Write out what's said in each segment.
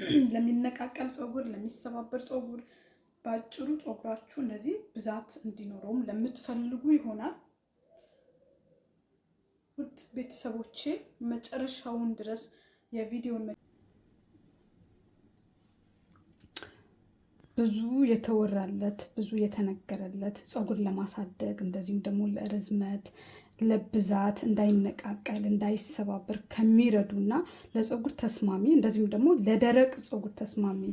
ለሚነቃቀል ፀጉር፣ ለሚሰባበር ፀጉር ባጭሩ ፀጉራችሁ እንደዚህ ብዛት እንዲኖረውም ለምትፈልጉ ይሆናል። ውድ ቤተሰቦቼ መጨረሻውን ድረስ የቪዲዮን ብዙ የተወራለት ብዙ የተነገረለት ፀጉር ለማሳደግ እንደዚሁም ደግሞ ለርዝመት ለብዛት እንዳይነቃቀል እንዳይሰባበር ከሚረዱ ና ለፀጉር ተስማሚ እንደዚሁም ደግሞ ለደረቅ ፀጉር ተስማሚ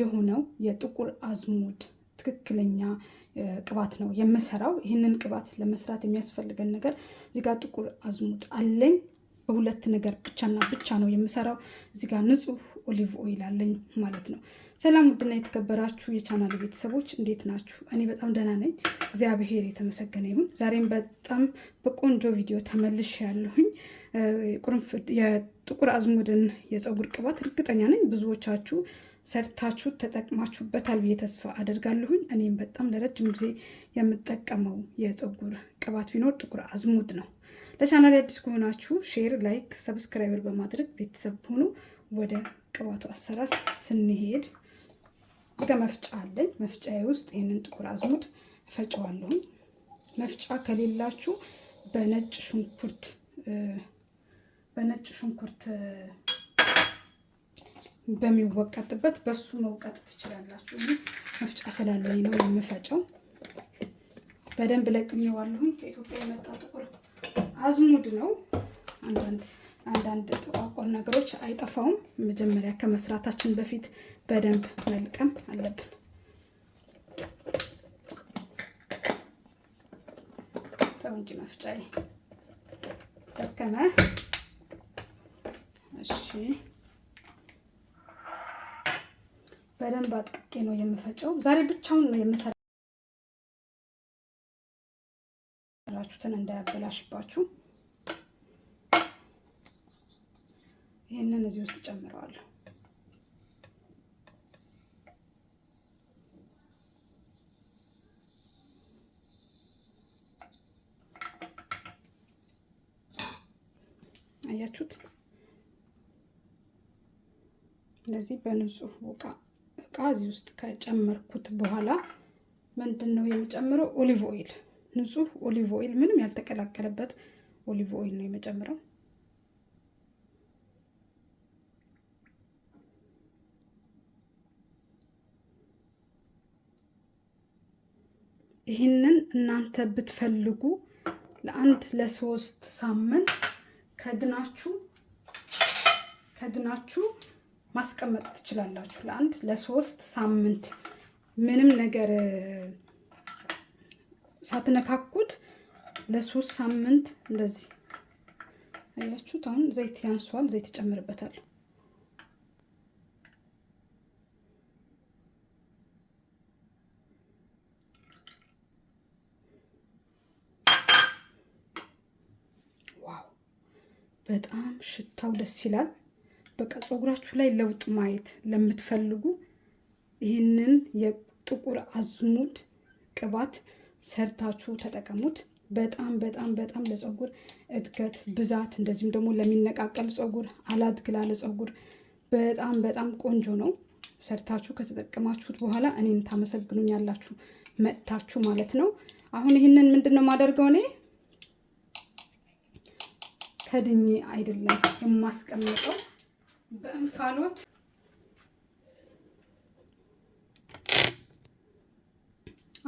የሆነው የጥቁር አዝሙድ ትክክለኛ ቅባት ነው የምሰራው። ይህንን ቅባት ለመስራት የሚያስፈልገን ነገር እዚጋ ጥቁር አዝሙድ አለኝ። ሁለት ነገር ብቻና ብቻ ነው የምሰራው። እዚህ ጋር ንጹህ ኦሊቭ ኦይል አለኝ ማለት ነው። ሰላም ውድና የተከበራችሁ የቻናል ቤተሰቦች እንዴት ናችሁ? እኔ በጣም ደህና ነኝ፣ እግዚአብሔር የተመሰገነ ይሁን። ዛሬም በጣም በቆንጆ ቪዲዮ ተመልሽ ያለሁኝ የጥቁር አዝሙድን የፀጉር ቅባት እርግጠኛ ነኝ ብዙዎቻችሁ ሰርታችሁ ተጠቅማችሁበታል ብዬ ተስፋ አደርጋለሁኝ። እኔም በጣም ለረጅም ጊዜ የምጠቀመው የፀጉር ቅባት ቢኖር ጥቁር አዝሙድ ነው። ለቻናል አዲስ ከሆናችሁ ሼር፣ ላይክ፣ ሰብስክራይበር በማድረግ ቤተሰብ ሆኑ። ወደ ቅባቱ አሰራር ስንሄድ እዚጋ መፍጫ አለኝ። መፍጫዬ ውስጥ ይህንን ጥቁር አዝሙድ ፈጨዋለሁ። መፍጫ ከሌላችሁ በነጭ ሽንኩርት በነጭ ሽንኩርት በሚወቀጥበት በሱ መውቀጥ ትችላላችሁ። መፍጫ ስላለኝ ነው የምፈጨው። በደንብ ለቅሜዋለሁኝ። ከኢትዮጵያ የመጣ ጥቁር አዝሙድ ነው። አንዳንድ ጥቋቁር ነገሮች አይጠፋውም። መጀመሪያ ከመስራታችን በፊት በደንብ መልቀም አለብን። ጠውንጭ መፍጫዬ ደከመ። እሺ፣ በደንብ አጥቅቄ ነው የምፈጨው። ዛሬ ብቻውን ነው የምሰራችሁትን እንዳያበላሽባችሁ ይህንን እዚህ ውስጥ ጨምረዋለሁ። አያችሁት? ለዚህ በንጹህ እቃ እቃ እዚህ ውስጥ ከጨመርኩት በኋላ ምንድን ነው የምጨምረው? ኦሊቭ ኦይል፣ ንጹህ ኦሊቭ ኦይል፣ ምንም ያልተቀላቀለበት ኦሊቭ ኦይል ነው የምጨምረው። ይህንን እናንተ ብትፈልጉ ለአንድ ለሶስት ሳምንት ከድናችሁ ከድናችሁ ማስቀመጥ ትችላላችሁ። ለአንድ ለሶስት ሳምንት ምንም ነገር ሳትነካኩት ለሶስት ሳምንት እንደዚህ አያችሁት። አሁን ዘይት ያንሷል፣ ዘይት ጨምርበታለሁ። በጣም ሽታው ደስ ይላል። በቃ ፀጉራችሁ ላይ ለውጥ ማየት ለምትፈልጉ ይህንን የጥቁር አዝሙድ ቅባት ሰርታችሁ ተጠቀሙት። በጣም በጣም በጣም ለፀጉር እድገት ብዛት፣ እንደዚሁም ደግሞ ለሚነቃቀል ፀጉር፣ አላድግ ላለ ፀጉር በጣም በጣም ቆንጆ ነው። ሰርታችሁ ከተጠቀማችሁት በኋላ እኔን ታመሰግኑኛላችሁ መጥታችሁ ማለት ነው። አሁን ይህንን ምንድን ነው የማደርገው እኔ ከድኜ አይደለም የማስቀምጠው በእንፋሎት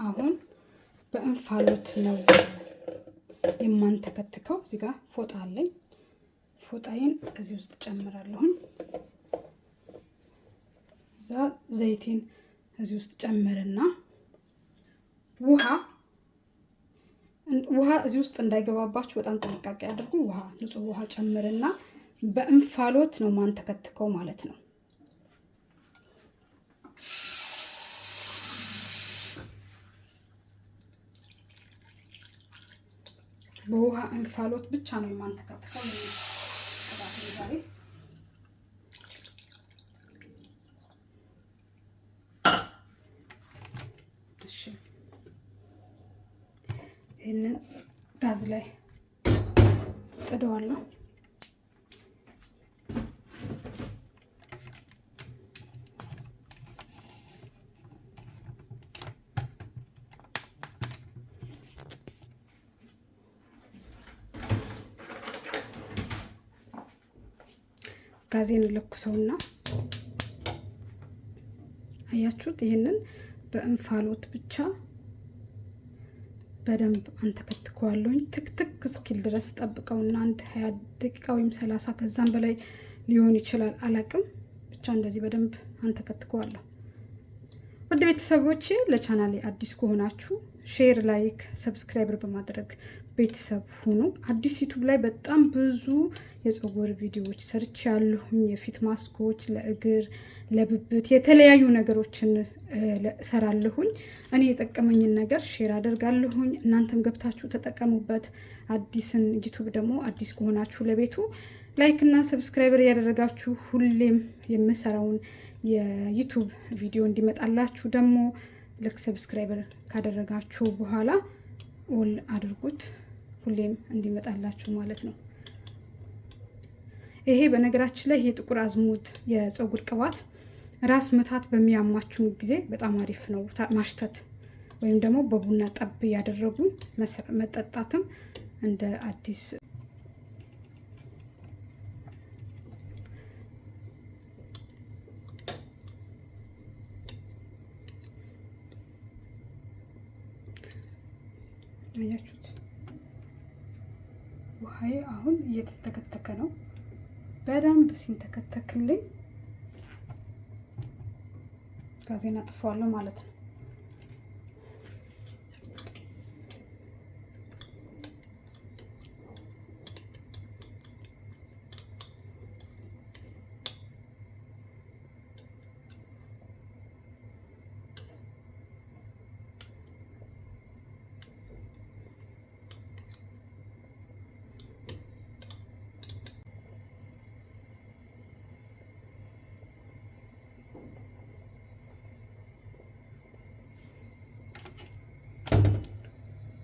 አሁን በእንፋሎት ነው የማንተከትከው። እዚህ ጋ ፎጣ አለኝ። ፎጣዬን እዚህ ውስጥ ጨምራለሁኝ። እዛ ዘይቴን እዚህ ውስጥ ጨምርና እዚህ ውስጥ እንዳይገባባችሁ በጣም ጥንቃቄ አድርጉ። ውሃ ንጹህ ውሃ ጨምርና በእንፋሎት ነው ማን ተከትከው ማለት ነው። በውሃ እንፋሎት ብቻ ነው የማንተከትከው ዛሬ ጋዝ ላይ ጥደዋለሁ። ጋዜን ለኩሰውና አያችሁት? ይህንን በእንፋሎት ብቻ በደንብ አንተከትከዋለሁኝ ትክትክ እስኪል ድረስ ጠብቀውና አንድ ሀያ ደቂቃ ወይም ሰላሳ ከዛም በላይ ሊሆን ይችላል አላቅም። ብቻ እንደዚህ በደንብ አንተከትከዋለሁ። ውድ ቤተሰቦቼ ለቻናሌ አዲስ ከሆናችሁ ሼር፣ ላይክ፣ ሰብስክራይብር በማድረግ ቤተሰብ ሁኑ። አዲስ ዩቱብ ላይ በጣም ብዙ የፀጉር ቪዲዮዎች ሰርች ያለሁኝ የፊት ማስኮች ለእግር፣ ለብብት የተለያዩ ነገሮችን ሰራለሁኝ። እኔ የጠቀመኝን ነገር ሼር አደርጋለሁኝ። እናንተም ገብታችሁ ተጠቀሙበት። አዲስን ዩቱብ ደግሞ አዲስ ከሆናችሁ ለቤቱ ላይክ እና ሰብስክራይበር እያደረጋችሁ ሁሌም የምሰራውን የዩቱብ ቪዲዮ እንዲመጣላችሁ ደግሞ ልክ ሰብስክራይበር ካደረጋችሁ በኋላ ኦል አድርጉት። ሁሌም እንዲመጣላችሁ ማለት ነው። ይሄ በነገራችን ላይ የጥቁር አዝሙድ የፀጉር ቅባት ራስ ምታት በሚያማችሁ ጊዜ በጣም አሪፍ ነው። ማሽተት ወይም ደግሞ በቡና ጠብ ያደረጉ መጠጣትም እንደ አዲስ አያችሁ። ውሃዬ አሁን እየተተከተከ ነው። በደንብ ሲንተከተክልኝ ጋዜና አጥፈዋለሁ ማለት ነው።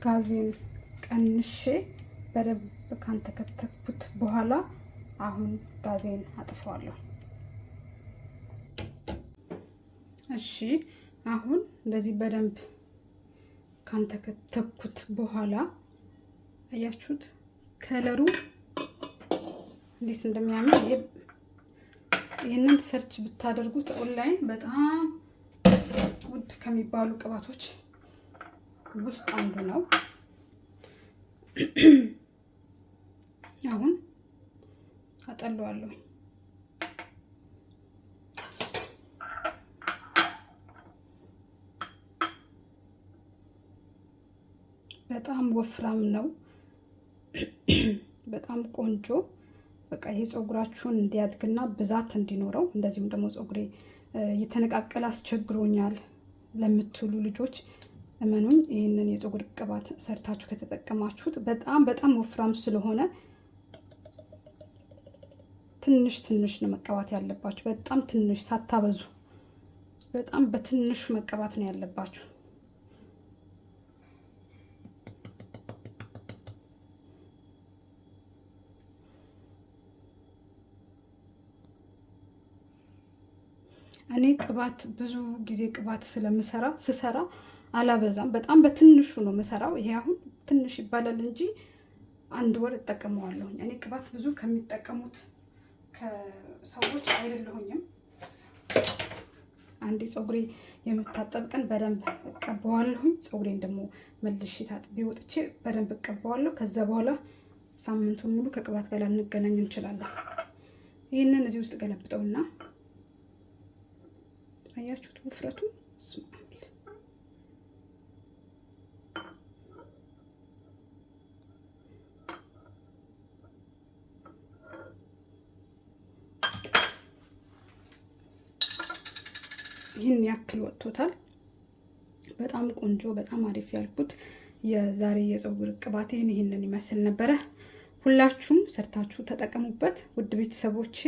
ጋዜን ቀንሼ በደንብ ካንተከተኩት በኋላ አሁን ጋዜን አጥፈዋለሁ። እሺ አሁን እንደዚህ በደንብ ካንተከተኩት በኋላ አያችሁት ከለሩ እንዴት እንደሚያምር። ይህንን ሰርች ብታደርጉት ኦንላይን በጣም ውድ ከሚባሉ ቅባቶች ውስጥ አንዱ ነው። አሁን አጠለዋለሁ። በጣም ወፍራም ነው። በጣም ቆንጆ በቃ ይሄ ፀጉራችሁን እንዲያድግና ብዛት እንዲኖረው እንደዚሁም ደግሞ ፀጉሬ እየተነቃቀለ አስቸግሮኛል ለምትሉ ልጆች እመኑኝ ይህንን የፀጉር ቅባት ሰርታችሁ ከተጠቀማችሁት በጣም በጣም ወፍራም ስለሆነ ትንሽ ትንሽ ነው መቀባት ያለባችሁ። በጣም ትንሽ ሳታበዙ፣ በጣም በትንሹ መቀባት ነው ያለባችሁ። እኔ ቅባት ብዙ ጊዜ ቅባት ስለምሰራ ስሰራ አላበዛም። በጣም በትንሹ ነው የምሰራው። ይሄ አሁን ትንሽ ይባላል እንጂ አንድ ወር እጠቀመዋለሁ። እኔ ቅባት ብዙ ከሚጠቀሙት ከሰዎች አይደለሁኝም። አንዴ ፀጉሬ የምታጠብ ቀን በደንብ እቀባዋለሁኝ። ፀጉሬን ደግሞ መልሼ ታጥቤ ወጥቼ በደንብ እቀባዋለሁ። ከዛ በኋላ ሳምንቱን ሙሉ ከቅባት ጋር ላንገናኝ እንችላለን። ይህንን እዚህ ውስጥ ገለብጠውና አያችሁት ውፍረቱ ይህን ያክል ወጥቶታል። በጣም ቆንጆ በጣም አሪፍ ያልኩት የዛሬ የፀጉር ቅባቴ ይህንን ይመስል ነበረ። ሁላችሁም ሰርታችሁ ተጠቀሙበት። ውድ ቤተሰቦቼ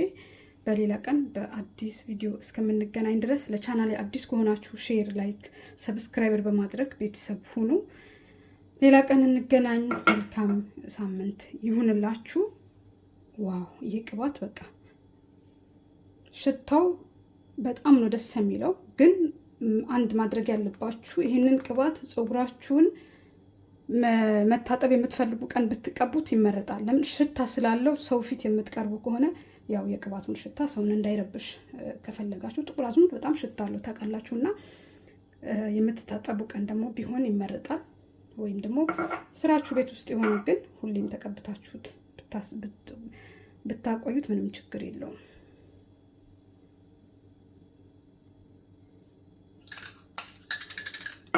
በሌላ ቀን በአዲስ ቪዲዮ እስከምንገናኝ ድረስ ለቻናል አዲስ ከሆናችሁ ሼር፣ ላይክ፣ ሰብስክራይበር በማድረግ ቤተሰብ ሁኑ። ሌላ ቀን እንገናኝ። መልካም ሳምንት ይሁንላችሁ። ዋው ይህ ቅባት በቃ ሽታው በጣም ነው ደስ የሚለው። ግን አንድ ማድረግ ያለባችሁ ይህንን ቅባት ፀጉራችሁን መታጠብ የምትፈልጉ ቀን ብትቀቡት ይመረጣል። ለምን ሽታ ስላለው ሰው ፊት የምትቀርቡ ከሆነ ያው የቅባቱን ሽታ ሰውን እንዳይረብሽ ከፈለጋችሁ፣ ጥቁር አዝሙድ በጣም ሽታ አለው ታውቃላችሁ። እና የምትታጠቡ ቀን ደግሞ ቢሆን ይመረጣል። ወይም ደግሞ ስራችሁ ቤት ውስጥ የሆነ ግን ሁሌም ተቀብታችሁት ብታቆዩት ምንም ችግር የለውም።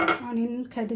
አሁን ይህንን ከድኜ